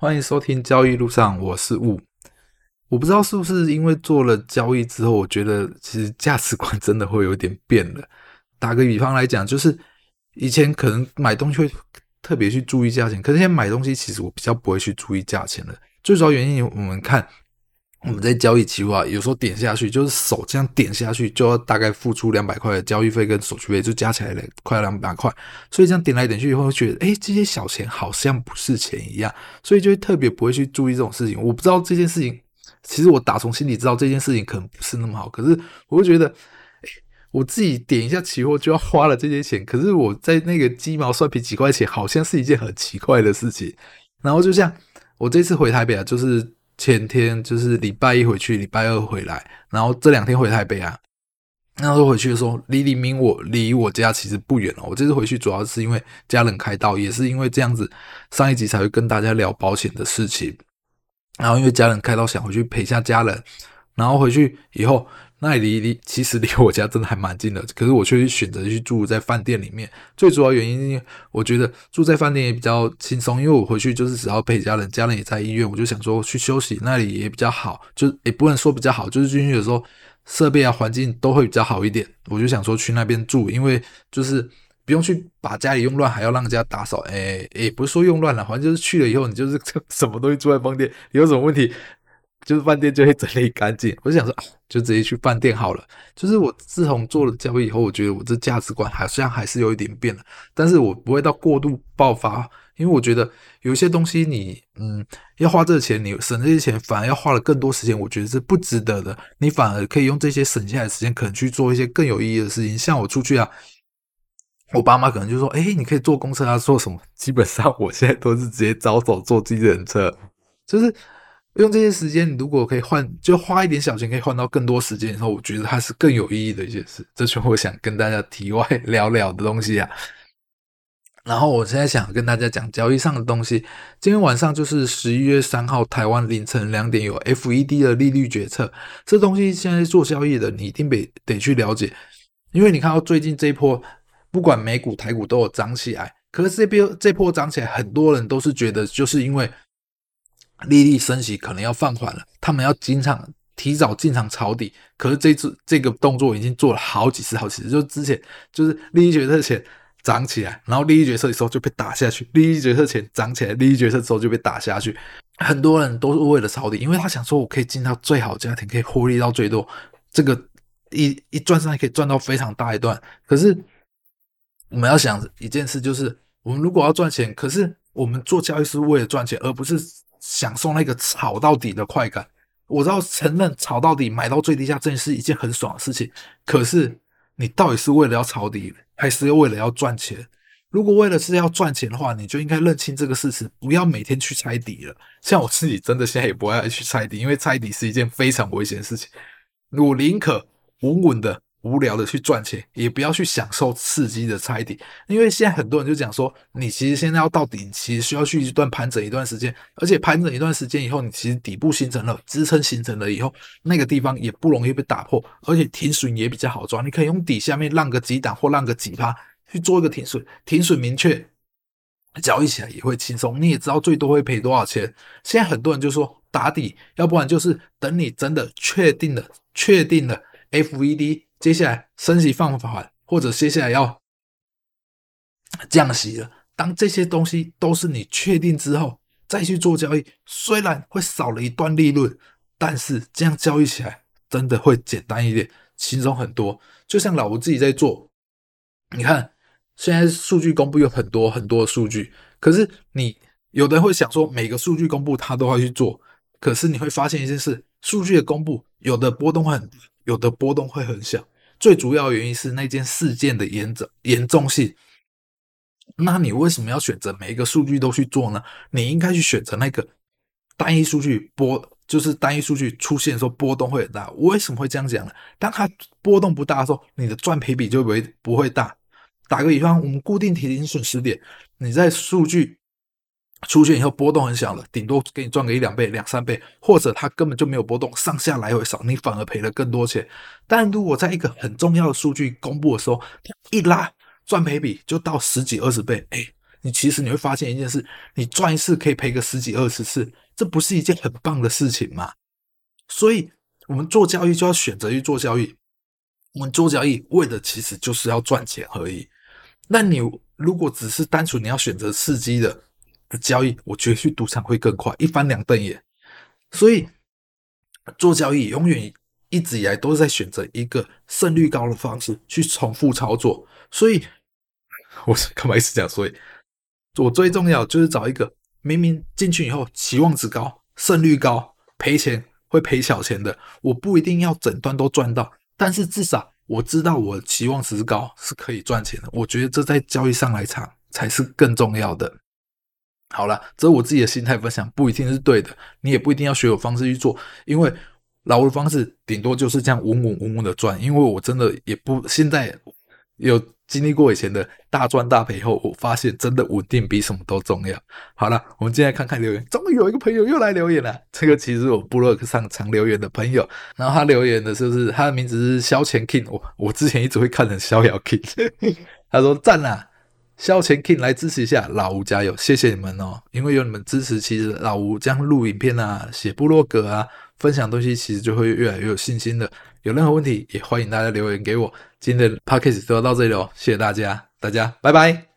歡迎收聽交易路上，我是霧。我不知道是不是因為做了交易之後，我覺得其實價值觀真的會有點變了。打個比方來講，就是以前可能買東西會特別去注意價錢，可是現在買東西其實我比較不會去注意價錢了。最主要原因，我們看。我們在交易期貨啊，有時候點下去就是手這樣點下去，就要大概付出兩百塊的交易費跟手續費，就加起來了快兩百塊。所以這樣點來點去以後會覺得，哎，這些小錢好像不是錢一樣，所以就會特別不會去注意這種事情。我不知道這件事情，其實我打從心裡知道這件事情可能不是那麼好，可是我會覺得，欸，我自己點一下期貨就要花了這些錢，可是我在那個雞毛蒜皮幾塊錢，好像是一件很奇怪的事情。然後就像我這次回台北啊，就是。前天就是禮拜一回去，禮拜二回來，然後這兩天回台北啊。那時候回去的時候，離黎明我離我家其實不遠了哦。我這次回去主要是因為家人開刀，也是因為這樣子，上一集才會跟大家聊保險的事情。然後因為家人開刀，想回去陪一下家人。然後回去以後，那裡離其實離我家真的還蠻近的，可是我卻選擇去住在飯店裡面。最主要原因，我覺得住在飯店也比較輕鬆，因為我回去就是只要陪家人，家人也在醫院，我就想說去休息，那裡也比較好，就也不能說比較好，就是進去的時候設備啊、環境都會比較好一點。我就想說去那邊住，因為就是不用去把家裡用亂，還要讓人家打掃。誒也不是說用亂了，反正就是去了以後，你就是什麼東西住在飯店，你有什麼問題？就是飯店就會整理乾淨。我想說，啊、就直接去飯店好了。就是我自從做了交易以後，我覺得我這價值觀好像還是有一點變了。但是我不會到過度爆發，因為我覺得有一些東西你，你嗯，要花這個錢，你省這些錢，反而要花了更多時間。我覺得是不值得的。你反而可以用這些省下來的時間，可能去做一些更有意義的事情。像我出去啊，我爸媽可能就說：“哎、欸，你可以坐公車啊，坐什麼？”基本上我現在都是直接招手坐計程車，就是。用這些時間，你如果可以換，就花一點小錢可以換到更多時間，然後我覺得它是更有意義的一件事。這是我想跟大家題外聊聊的東西啊。然後我現在想跟大家講交易上的東西。今天晚上就是十一月三號，台灣凌晨兩點有 FED 的利率決策，這東西現在做交易的你一定得得去了解，因為你看到最近這一波，不管美股台股都有漲起來，可是這邊這波漲起來，很多人都是覺得就是因為。利率升息可能要放緩了，他們要經常提早進場抄底，可是這次這個動作已經做了好幾次、好幾次，就之前就是利率決策前漲起來，然後利率決策的時候就被打下去；利率決策前漲起來，利率決策的時候就被打下去。很多人都是為了抄底，因為他想說我可以進到最好家庭，可以獲利到最多，這個一一賺上來可以賺到非常大一段。可是我們要想一件事，就是我們如果要賺錢，可是我們做交易是為了賺錢，而不是。享受那個抄到底的快感，我知道承認抄到底買到最低價，真的是一件很爽的事情。可是，你到底是為了要抄底，還是為了要賺錢？如果為了是要賺錢的話，你就應該認清這個事實，不要每天去猜底了。像我自己，真的現在也不愛去猜底，因為猜底是一件非常危險的事情。我寧可穩穩的。無聊的去賺錢，也不要去享受刺激的猜底，因為現在很多人就講說，你其實現在要到底，其實需要去一段盤整一段時間，而且盤整一段時間以後，你其實底部形成了，支撐形成了以後，那個地方也不容易被打破，而且停損也比較好抓，你可以用底下面浪個幾檔或浪個幾趴去做一個停損，停損明確，交易起來也會輕鬆，你也知道最多會賠多少錢。現在很多人就說打底，要不然就是等你真的確定了，確定了 FVD。接下來升息放緩，或者接下來要降息了。當這些東西都是你確定之後，再去做交易，雖然會少了一段利潤，但是這樣交易起來真的會簡單一點，輕鬆很多。就像老吳自己在做，你看現在數據公布有很多很多的數據，可是你有的人會想說，每個數據公布他都會去做，可是你會發現一件事：數據的公布有的波動很大，有的波動會很小。最主要原因是那件事件的嚴重嚴重性。那你為什麼要選擇每一個數據都去做呢？你應該去選擇那個單一數據波，就是單一數據出現的時候波動會很大。為什麼會這樣講呢？當它波動不大的時候，你的賺賠比就會不會大。打個比方，我們固定提醒損失點，你在數據。出現以後波動很小了，頂多給你賺個一兩倍、兩三倍，或者它根本就沒有波動，上下來回少，你反而賠了更多錢。但如果在一個很重要的數據公布的時候，一拉賺賠比就到十幾二十倍，哎，你其實你會發現一件事：你賺一次可以賠個十幾二十次，這不是一件很棒的事情嗎？所以我，我們做交易就要選擇去做交易。我們做交易，為的其實就是要賺錢而已。那你如果只是單純你要選擇刺激的。交易，我覺得去賭場會更快，一翻兩瞪眼。所以做交易永遠一直以來都是在選擇一個勝率高的方式去重複操作。所以，我是幹嘛一直講？所以，我最重要就是找一個明明進去以後期望值高、勝率高、賠錢會賠小錢的，我不一定要整段都賺到，但是至少我知道我期望值高是可以賺錢的。我覺得這在交易上來講才是更重要的。好了，這我自己的心態分享，不一定是對的，你也不一定要學我方式去做，因為老吳的方式頂多就是這樣穩穩穩穩的賺，因為我真的也不現在有經歷過以前的大賺大賠後，我發現真的穩定比什麼都重要。好了，我們進來看看留言，終於有一個朋友又來留言了，啊，這個其實我部落上常留言的朋友，然後他留言的是不是他的名字是逍乾 King，我我之前一直會看成逍遙 King。呵呵他說讚啦，啊。消前 King 來支持一下老吳加油，謝謝你們哦！因為有你們支持，其實老吳這樣錄影片啊、寫部落格啊、分享東西，其實就會越來越有信心的。有任何問題也歡迎大家留言給我。今天的 Podcast 就要到這裡哦，謝謝大家，大家拜拜。